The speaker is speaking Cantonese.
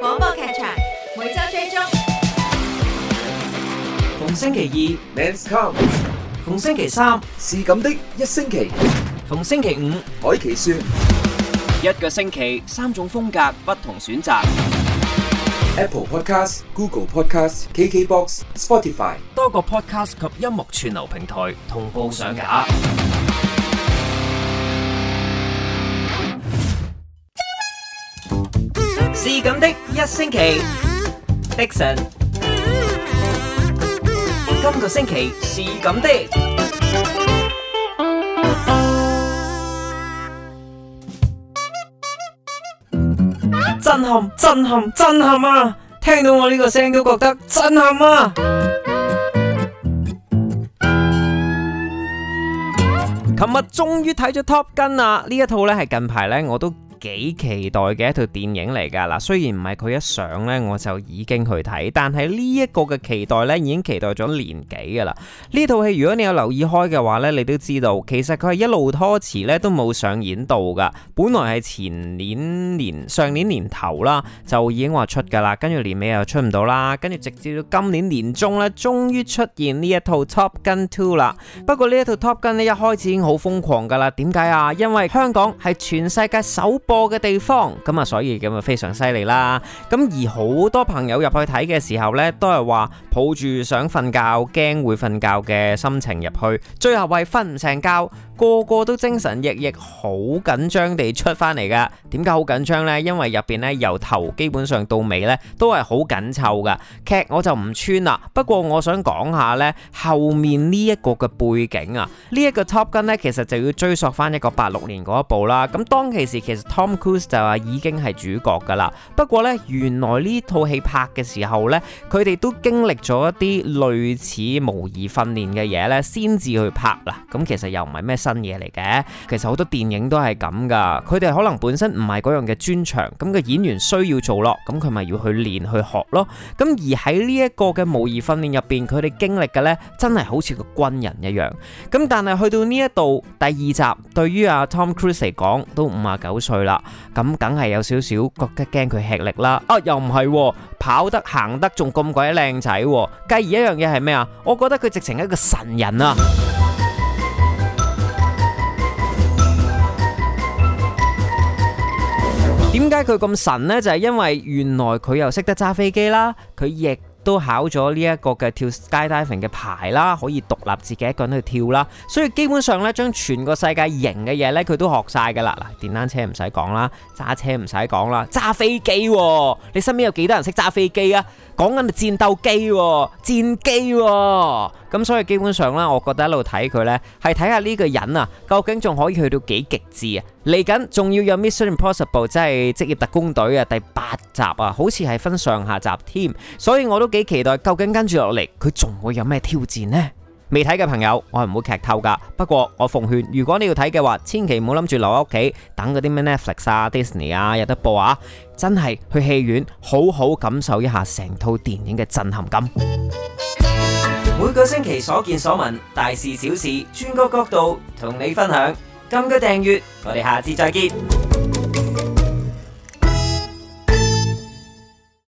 廣播劇場每周追蹤，逢星期二 Man's Com，逢星期三是咁的一星期，逢星期五海奇說，一個星期三種風格不同選擇，Apple Podcast、Google Podcast、KKBox、Spotify 多個 podcast 及音樂串流平台同步上架。是咁的，一星期，Dixon，今個星期是咁的，震撼，震撼，震撼啊！聽到我呢個聲都覺得震撼啊！琴日終於睇咗 Top Gun 啊，呢一套呢係近排呢我都幾期待嘅一套電影嚟噶啦，雖然唔係佢一上呢，我就已經去睇，但係呢一個嘅期待呢，已經期待咗年幾噶啦。呢套戲如果你有留意開嘅話呢，你都知道其實佢係一路拖遲呢都冇上演到噶。本來係前年年上年年頭啦就已經話出噶啦，跟住年尾又出唔到啦，跟住直至到今年年中呢，終於出現呢一套 Top Gun 2啦。不過呢一套 Top Gun 呢，一開始已經好瘋狂噶啦，點解啊？因為香港係全世界首播嘅地方，咁啊，所以咁啊非常犀利啦。咁而好多朋友入去睇嘅時候呢，都係話抱住想瞓覺，驚會瞓覺嘅心情入去，最後係瞓唔成覺。個個都精神奕奕，好緊張地出翻嚟噶。點解好緊張呢？因為入邊呢，由頭基本上到尾呢，都係好緊湊噶。劇我就唔穿啦。不過我想講下呢，後面呢一個嘅背景啊，呢一個 top 跟呢，其實就要追溯翻一個八六年嗰一部啦。咁當其時其實 Tom Cruise 就係已經係主角噶啦。不過呢，原來呢套戲拍嘅時候呢，佢哋都經歷咗一啲類似模擬訓練嘅嘢呢，先至去拍嗱。咁其實又唔係咩？新嘢嚟嘅，其實好多電影都係咁噶。佢哋可能本身唔係嗰樣嘅專長，咁個演員需要做咯，咁佢咪要去練去學咯。咁而喺呢一個嘅模擬訓練入邊，佢哋經歷嘅呢真係好似個軍人一樣。咁但係去到呢一度第二集，對於阿 Tom Cruise 嚟講都五啊九歲啦，咁梗係有少少覺得驚佢吃力啦。啊，又唔係喎，跑得行得仲咁鬼靚仔，繼而一樣嘢係咩啊？我覺得佢直情係一個神人啊！點解佢咁神呢？就係因為原來佢又識得揸飛機啦，佢亦，都考咗呢一個嘅跳 Skydiving 嘅牌啦，可以獨立自己一個人去跳啦。所以基本上咧，將全個世界型嘅嘢呢，佢都學晒噶啦。嗱，電單車唔使講啦，揸車唔使講啦，揸飛機喎，啊。你身邊有幾多人識揸飛機啊？講緊咪戰鬥機喎，戰機喎，啊。咁所以基本上呢，我覺得一路睇佢呢，係睇下呢個人啊，究竟仲可以去到幾極致啊？嚟緊仲要有 Mission Impossible，即係職業特工隊啊，第八集啊，好似係分上下集添。所以我都。幾期待？究竟，跟住落嚟，佢仲會有咩挑戰呢？未睇嘅朋友，我係唔會劇透㗎。不過我奉勸，如果你要睇嘅話，千祈唔好諗住留喺屋企等嗰啲咩 Netflix 啊、Disney 啊有得播啊，真係去戲院好好感受一下成套電影嘅震撼感。每個星期所見所聞，大事小事，轉個角度同你分享。撳個訂閱，我哋下次再見。